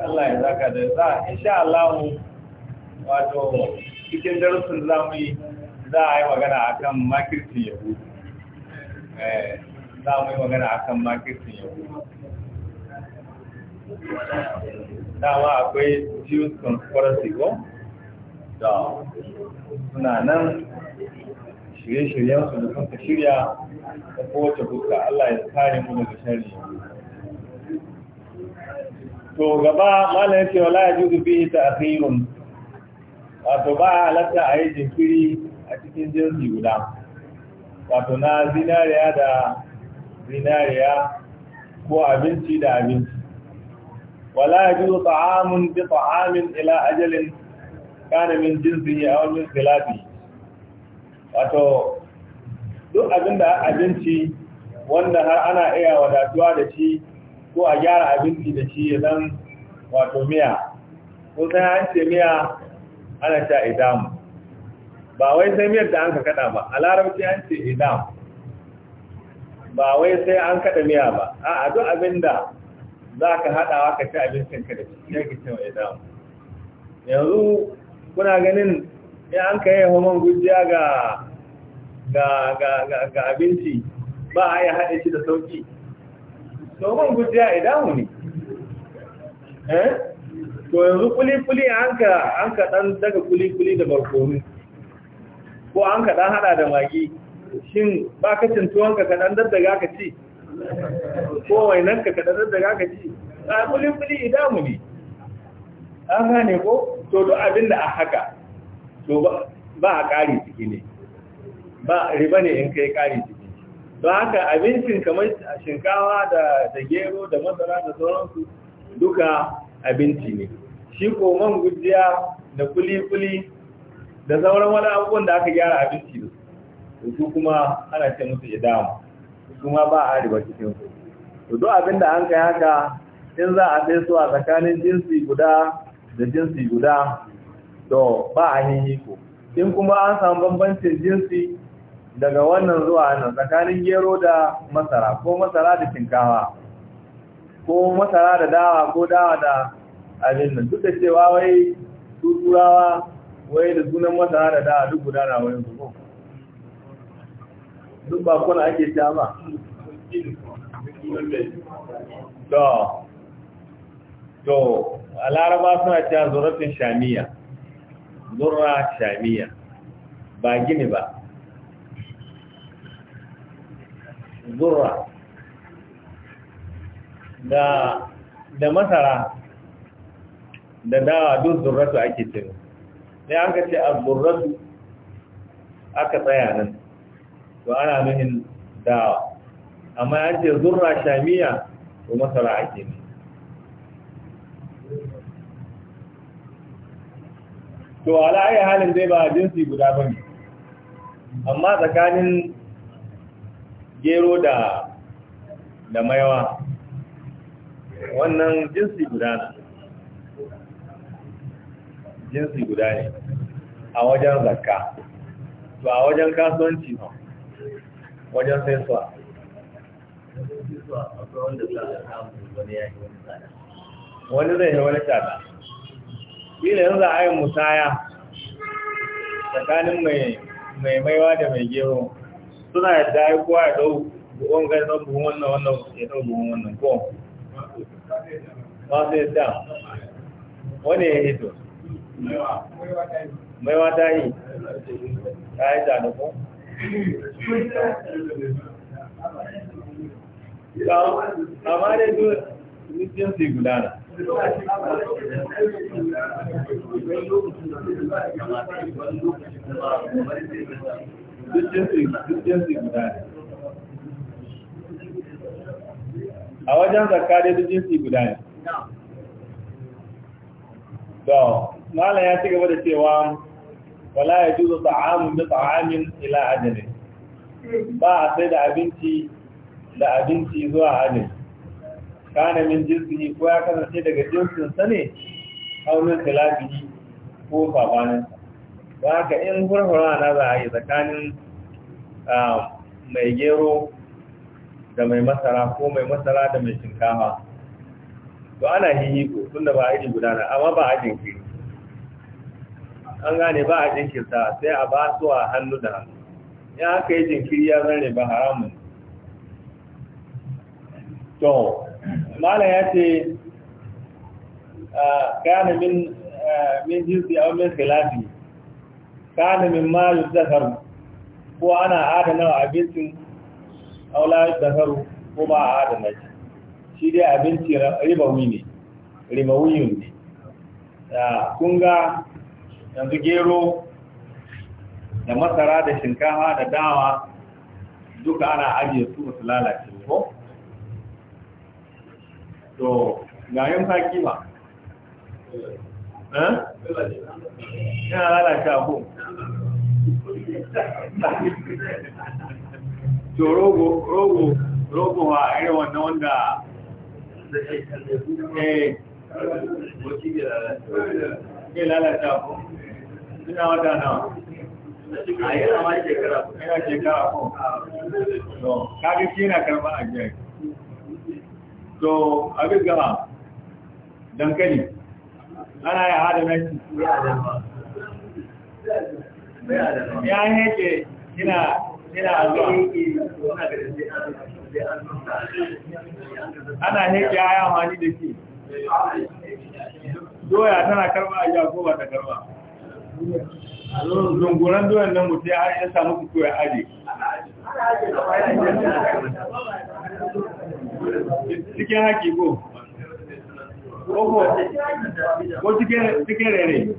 Allah ya zaka da za insha Allah wato cikin darussan za mu yi za a yi magana akan makircin yahu eh za mu yi magana akan makircin yahu dama akwai Jews conspiracy ko da suna nan shirye-shiryen su da shirya da kowace buka Allah ya kare mu daga shari'a to gaba malam yace wala yajuzu fihi ta'khirun wato ba halatta a yi jinkiri a cikin jinsi guda wato na zinariya da zinariya ko abinci da abinci wala yajuzu ta'amun bi ta'amin ila ajalin kana min ya aw min filafi wato duk abinda abinci wanda har ana iya wadatuwa da shi ko a gyara abinci da shi ya zan wato miya ko sai an ce miya ana ta idamu ba wai sai miyar da an ka kada ba a larabci an ce idamu ba wai sai an kada miya ba a duk abin da za ka haɗawa ka ci abincin ka da shi ya ke cewa idamu yanzu kuna ganin in an ka yi homon gujiya ga abinci ba a yi haɗe shi da sauƙi domin gujiya idamu ne eh? to yanzu kuli-kuli an ka dan daga kuli-kuli da barkonu ko an ka dan hada da magi shin ba ka cintuwan ka kaɗan daddaga ka ci ko wainanka ka kaɗan daddaga ka ci a kuli-kuli idamu ne an gane ko to duk abin da a haka to ba a ƙari ciki ne ba riba ne in kai ƙari ciki don haka abincin kamar shinkawa da gero da masara da sauransu duka abinci ne shi koman gujiya da kuli-kuli da sauran wani abubuwan da aka gyara abinci da su kuma ana ce musu idama kuma ba a riba cikin su to duk abin da an kai haka in za a sai su a tsakanin jinsi guda da jinsi guda to ba a hinhiko in kuma an samu bambancin jinsi daga wannan zuwa nan tsakanin gero da masara ko masara da shinkawa ko masara da dawa ko dawa da abin nan duk da cewa wai su turawa wai da sunan masara da dawa duk gudana wani su duk ba kuna ake sha ba to to a laraba suna cewa zurafin shamiya zurra shamiya ba gini ba zurra da da masara da dawa duk zurratu ake cewa sai an ka ce a zurratu aka tsaya nan to ana nuhin dawa amma an ce zurra shamiya to masara ake ne to ala halin zai ba jinsi guda bane amma tsakanin gero da da maiwa wannan jinsi guda ne jinsi guda ne a wajen zakka to a wajen kasuwanci ba wajen sai suwa wani zai yi wani tsada ƙila yanzu a yi musaya tsakanin mai maiwa da mai gero suna yadda ya kowa ya dau buhon gani don buhon wannan wannan ya dau buhon wannan ko ba su yadda wani ya hito mai wata yi ta yi da ko amma dai duk nufin su gudana Thank you. duk jinsi guda ne a wajen zakka dai duk jinsi guda ne to malam ya ci gaba da cewa wala ya juzo ta'amun da ta'amin ila ajali ba a sai da abinci da abinci zuwa ajali kana min jinsi ko ya kasance daga jinsin sa ne haunin tilabi ko sa Ba ka in hurhura na za a yi tsakanin mai gero da mai masara ko mai masara da mai shinkafa to ana hihiko tun da ba a yi gudana amma ba a jinkiri an gane ba a jinkirta sai a ba su a hannu da hannu ya aka yi jinkiri ya zane ba haramun to mala ya ce gane min jinsi a wani khilafi kana min ma yuzaharu ko ana adana abincin aula yuzaharu ko ba a adana shi shi dai abinci ribawi ne ribawiyun ne da kunga yanzu gero da masara da shinkafa da dawa duka ana ajiye su su lalace ko to ga yin fa Eh? yana lalata abu to rogo rogo rogo wa irin wannan wanda eh ke lalata abu ina wata nawa a yi rama shekara ko yana shekara ko kaga shi yana karɓar ajiyar to abin gaba dankali ana ya hada nashi ya heke kina kina zuwa ana heke ya Amani da ke doya tana karba a jago ba ta karba zungunan doyan nan mutu ya haɗe samu fito ya haɗe cikin haƙi ko Ogo, ó ti kéré rẹ̀.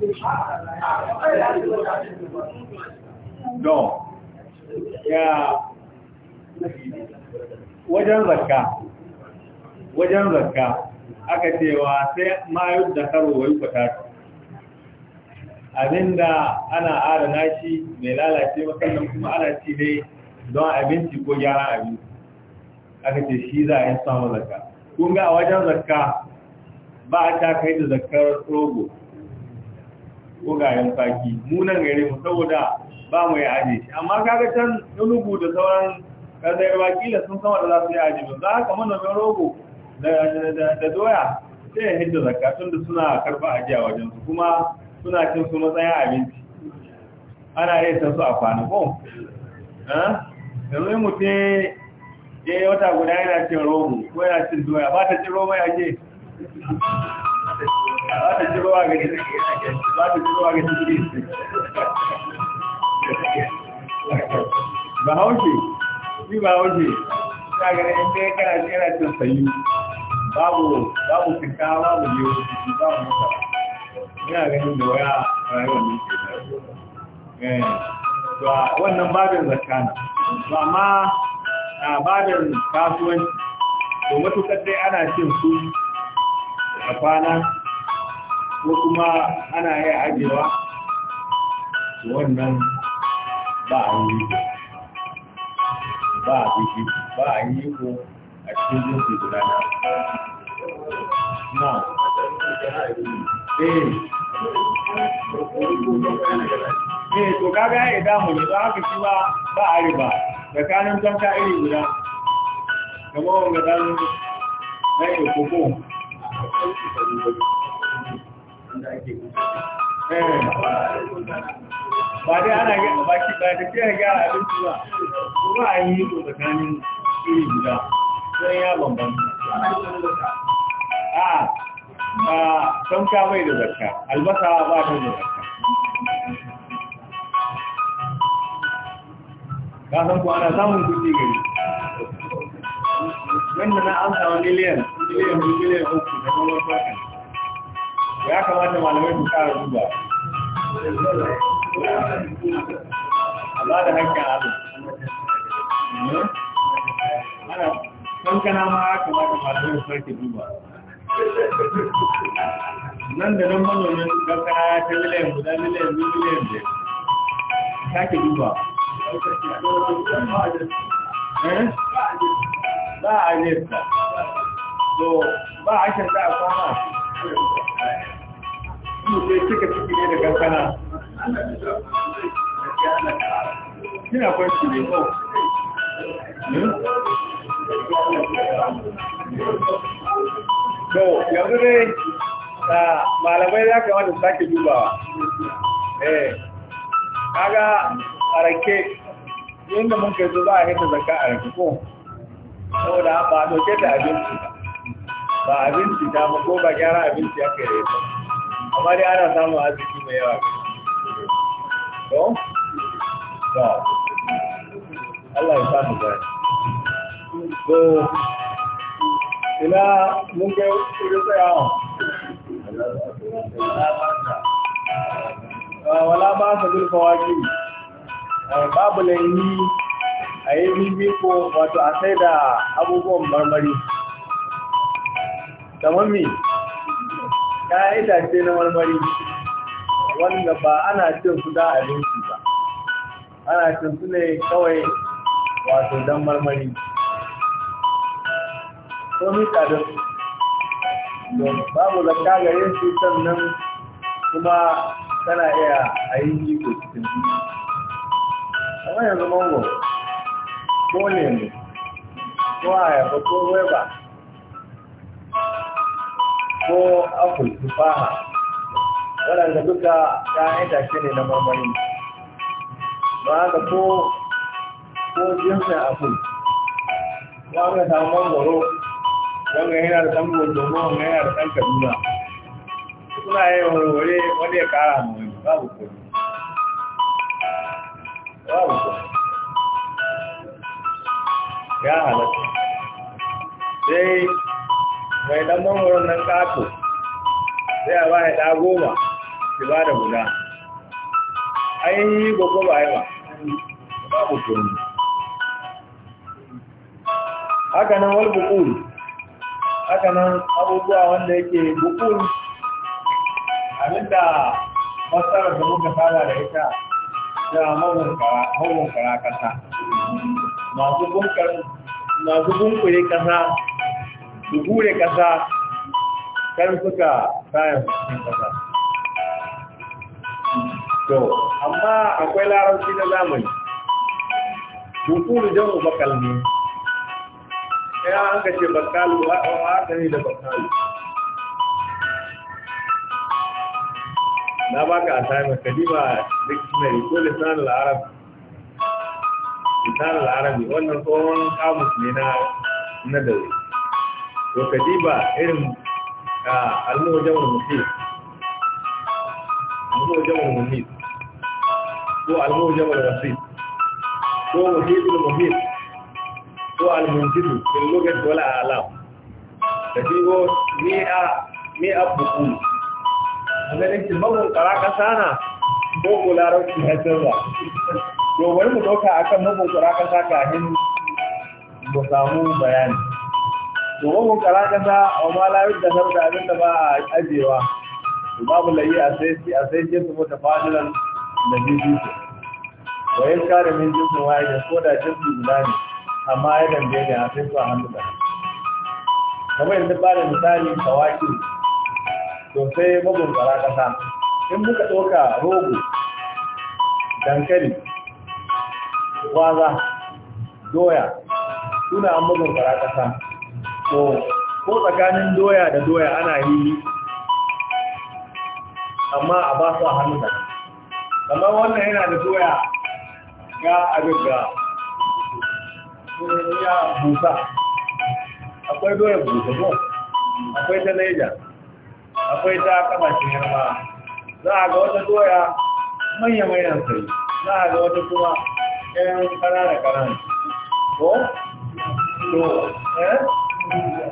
Don, ya wajen zaka, wajen zaka, aka cewa sai mayu da karo yi kwata abinda ana adana shi mai lalace sannan kuma ana ci ne don abinci ko gyara abinci aka ce shi za a yi samun zaka, kunga a wajen zaka. ba a ta kai da zakar rogo ko gayan faki munan gare mu saboda ba mu yi aje shi amma kaga can Enugu da sauran kazayar wakila sun sama da za su yi aje ba za ka manomin rogo da doya sai ya hidda zakka tun da suna karba ajiya wajen su kuma suna cin su matsayin abinci ana yi ta su a kwanakon eh? yanzu mutum ya yi wata guda yana cin rogo ko yana cin doya ba ta cin rogo ya ke ba hauke shi ba hauke ta gani inda ya kana tsera cin sayi babu babu fita babu yiwu babu masa yana ganin da waya rayuwar ne ke da eh, wannan babin zakana to amma a babin kasuwanci to matukar dai ana cin su a kwana ko kuma ana yi ajewa wannan ba a yi ba a biki ba a yi ko a cikin jinsi guda na na eh. eh to kaga ya yi damu ne ba haka shi ba ba a riba kanin kwanta iri guda kamar wanga dan na yi kokon ba dai ana ba shi ba da ke gyara abinci ba kuma a yi hito tsakanin iri guda Sai ya bambam a a tamka bai da zarka albasa ba ta da zarka ka san ku ana samun kuɗi gari wanda na amsa wani miliyan miliyan biyu miliyan uku da kuma wasu ya kamata malamai su kara duba amma da hankin abin ana kankana ma ya kamata malamai su sarki duba nan da nan manomin kankana ya ta miliyan guda miliyan biyu miliyan biyar ke duba ba a nesa so ba a shi da kwana su sai cika ciki ne da kankana kina kwanci ne ko so hmm? yanzu ne da malamai za ka wani sake dubawa eh kaga a rake yadda mun kai zo za a hita zaka a rake ko saboda ba a doke da abinci ba abinci ta ba ko ba gyara abinci aka yi ba amma dai ana samun arziki mai yawa to Ba. Allah ya samu ba to ina mun ga ido tsayawa ah, wala ba sa zulfa waki ah, babu laini a yi bibiko wato a sai da abubuwan marmari kamar mi ya itace na marmari wanda ba ana cin su da abinci ba ana cin su ne kawai wato don marmari ko mita da su babu zakka gare su sannan kuma tana iya a yi jiko cikin su kamar yanzu mango ko lemu ko ayaba ko weba ko apple tufaha waɗanda duka ta itace ne na marmari ba haka ko ko jinsin apple ya wani samun mangoro ga yana da ɗan domin wani yana da ɗan kaduna suna yin warware wani ya kara mu wani babu kuri babu ya halatta sai mai dan mamurin nan kato sai a bayan da goma ki ba da guda an yi gogo ba yi ba babu turmi haka nan wal bukuru haka nan abubuwa wanda yake bukuru abinda masarar da muka fara da ita da mawunkara kasa masu bunkure kasa su hure ƙasa kan suka kayan cikin ƙasa to amma akwai larabci na zamani dukuru jan bakal ne ya an ka ce bakalu a haka ne da bakalu na baka a sami kadima dictionary ko lisanin larabci lisanin larabci wannan tsohon kamus ne na na to ka diba irin almuwajamar muhit almuwajamar muhit ko almuwajamar wasit ko muhitul muhit ko almunjidu bin lugat wala alam ka dibo ni a ni a buku wanda ne ki mabun kara kasa na ko ko larabci haifar ba to bari mu dauka akan mabun kara kasa kafin mu samu bayani domin kun kara kasa a ma layar da sarka abin da ba a ajewa babu layi a sai sai su mota fadilan da bibi su yin kare min jinsin waye da ko da jinsu guda ne amma ya dande ne a sai su a hannu da kamar yadda ba da misali kawaki to sai magun kara kasa in muka ɗauka rogo dankali kwaza doya suna an magun kara kasa to ko tsakanin doya da doya ana yi amma a ba su a hannu da amma wannan yana da doya ga agaga ya busa akwai doya busa ko akwai ta naija akwai ta kamashin yarma za a ga wata doya manya-manyan sai za a ga wata kuma 'yan ƙanana-ƙanana ko? to eh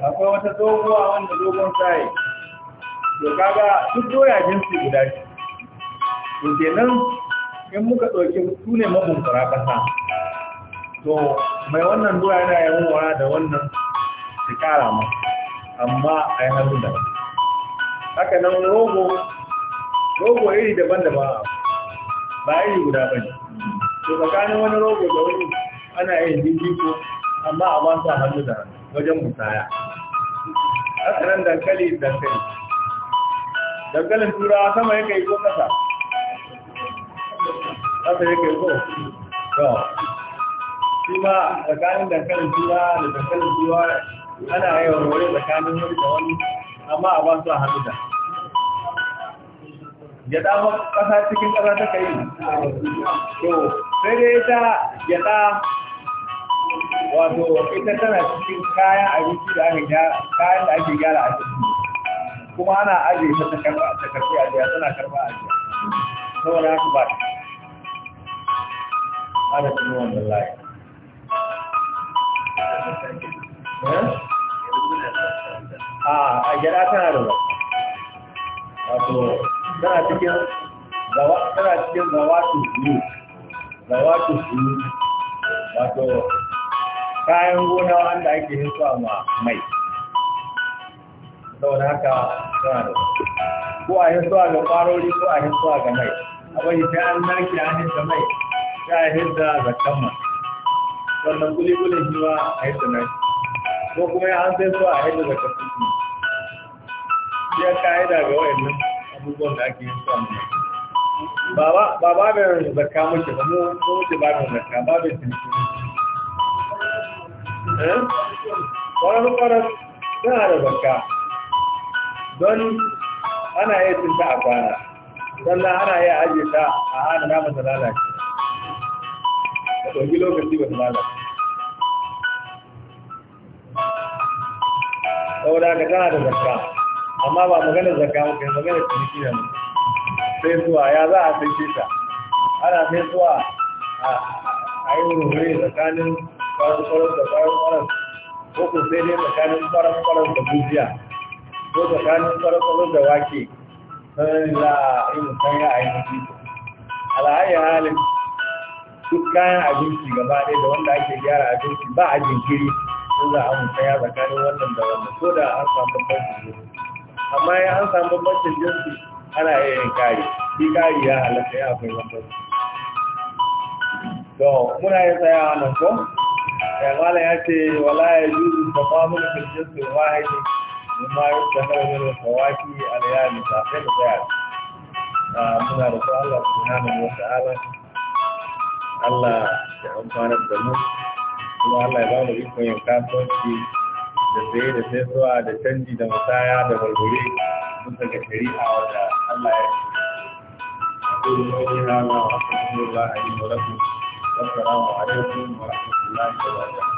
akwai wata dogowa wanda dogon saye to kaga duk doya jinsi guda ce to kenan in muka ɗauki su ne mabunkura ƙasa to mai wannan doya yana wara da wannan su kara ma amma a yi hannu da haka nan rogo rogo iri daban-daban ba iri guda ba ne to tsakanin wani rogo da wani ana yin jinjiko amma a ba su hannu da hannu wajen musaya Asirin dankali dankali dankalin turawa sama yake yi ko kasa kasa yake yi ko to shi ma tsakanin dankalin turawa da dankalin turawa ana yawan wani tsakanin wani da wani amma a ba su a hannu da gyada ƙasa cikin ƙasa ta kai Yau. sai dai ta gyada wato ita tana cikin kayan abinci da aka kayan da ake gyara a ciki kuma ana ajiye ta karba a jiya tana karba a jiya su ba ta kuma wannan layi eh? a a gyara tana da wato tana cikin tana cikin zawatu zawatu wato kayan gona wanda ake hinsuwa ma mai da haka suna da ko a hinsuwa ga kwarori ko a hinsuwa ga mai abai sai an zarki an hinta mai sai a hinta ga kama wannan kulikulin shi ba a hinta mai ko kuma ya an sai zuwa a hinta ga kasuki ya ka'ida ga wayannan abubuwan da ake hinsuwa mai ba babin zakka mace ba mu muke babin zakka babin tunisi ƙwarar-ƙwarar don hana zakka don ana yi cinta a kwana sannan ana yi ajiye ta a hana naman da lalace a ɗauki lokaci ba ta lalace saboda ka tana da zakka amma ba maganar zakka ba kai maganar ciniki da sai zuwa ya za a sai ta ana sai zuwa a yi wuri tsakanin faru farar da farar farar ko ku sai dai tsakanin farar farar da bujiya ko tsakanin farar farar da wake sanar da in san ya ainihi alhaji halin duk kayan abinci gaba ɗaya da wanda ake gyara abinci ba a jinkiri sun za a musaya tsakanin wannan da wannan ko da an samu babban jinsi amma ya an samu bambancin jinsi ana iya yin kari shi kari ya halatta ya akwai bambanci to muna yin tsayawa nan ko kamala ya ce wala ya juzu ta famun firjinsu wahidi kuma ya kamar yin kawaki alayami ta sai da tsaya a muna da su Allah su hana mu ta'ala Allah ya amfana da mu kuma Allah ya ba mu ikon yin kasuwanci da saye da sai zuwa da canji da masaya da walwale bisa ga shari'a wanda Allah ya ce. Kullum wani rana a cikin Allah a yi wa rabu. Assalamu alaikum wa rahmatullahi Gracias.